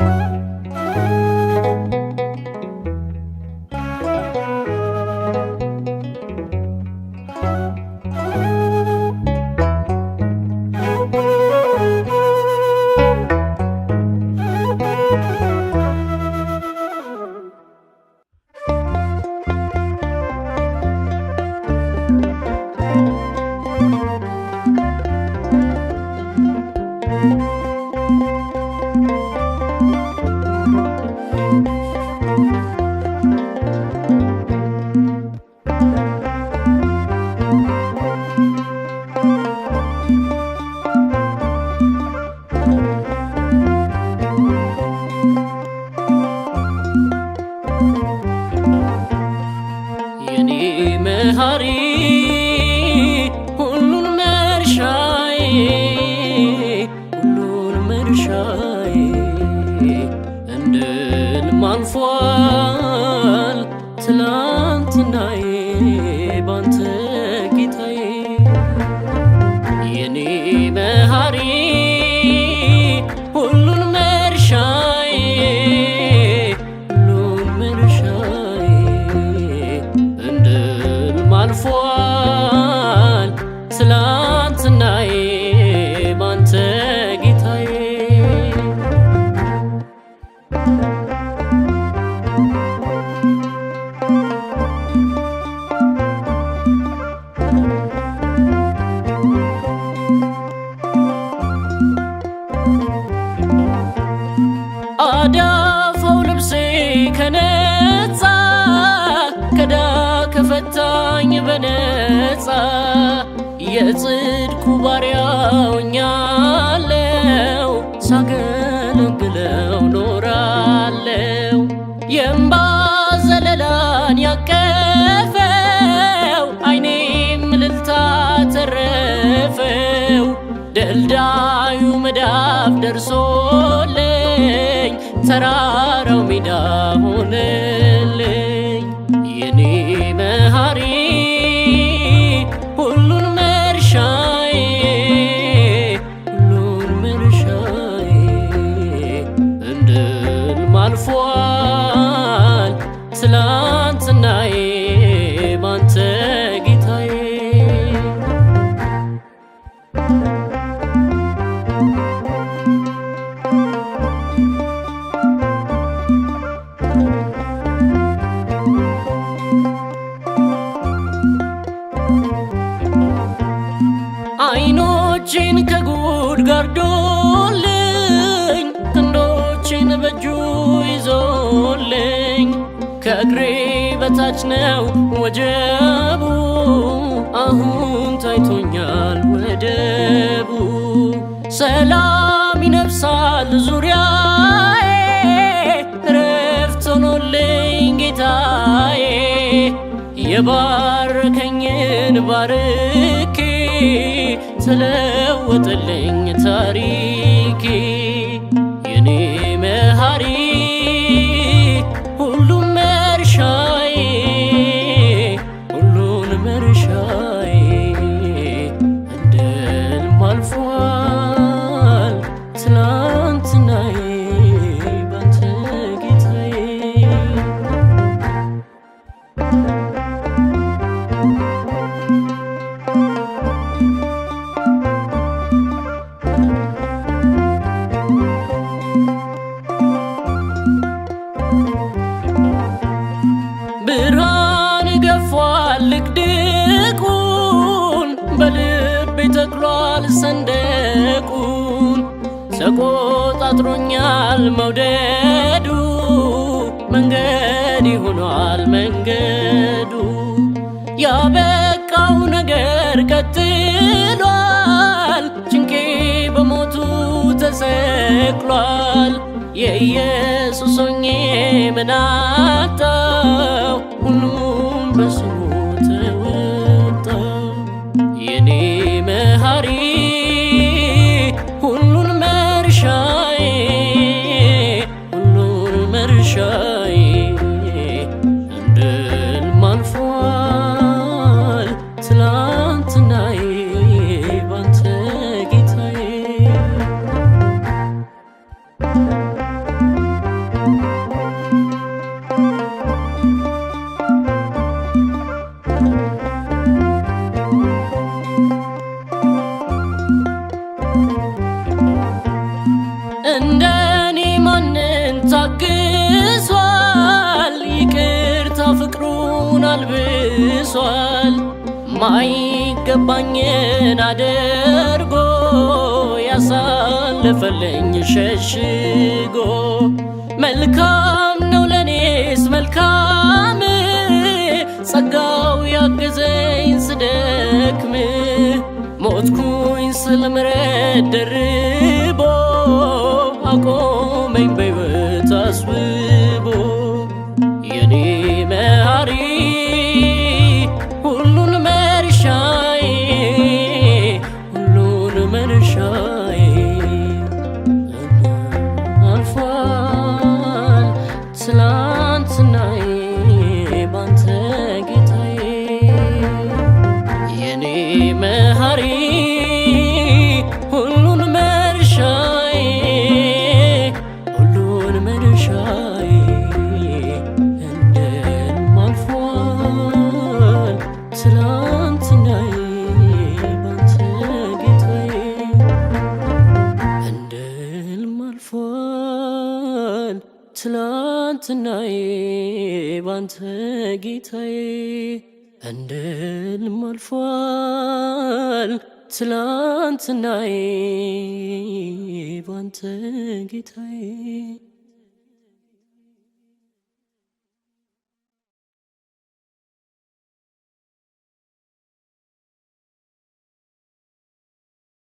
you ሁሉን መርሻዬ ሁሉን መርሻዬ እንደ ሕልም ትላንትናዬ ባንተ አዳፋው ልብሴ ከነጻ ከዳ ከፈታኝ በነጻ የጽድቁ ባሪያ ሆኛለው ሳገለግለው ኖራለው የእምባ ዘለላን ያቀፈው አይኔም እልልታ ተረፈው ደልዳዩ መዳፍ ደርሶለ ተራራው ሜዳ ሆነልኝ ከእግሬ በታች ነው ወጀቡ አሁን ታይቶኛል ወደቡ ሰላም ይነፍሳል ዙሪያዬ ረፍት ሆኖልኝ ጌታዬ የባረከኝን ባርኬ ተለወጠልኝ one. ፈጥሮኛል መውደዱ መንገድ ይሆኗል መንገዱ ያበቃው ነገር ቀጥሏል ጭንቄ በሞቱ ተሰቅሏል የኢየሱስ ሆኜ ምናጣው ሁሉም በሱ verşah አይገባኝን አድርጎ ያሳለፈለኝ ሸሽጎ መልካም ነው ለኔስ መልካም ጸጋው ያገዘኝ ስደክም ሞትኩኝ ስል ደርቦ አቆ ትላንትናዬ ባንተ ጌታዬ እንደ አልፏል። ትላንትናዬ ባንተ ጌታዬ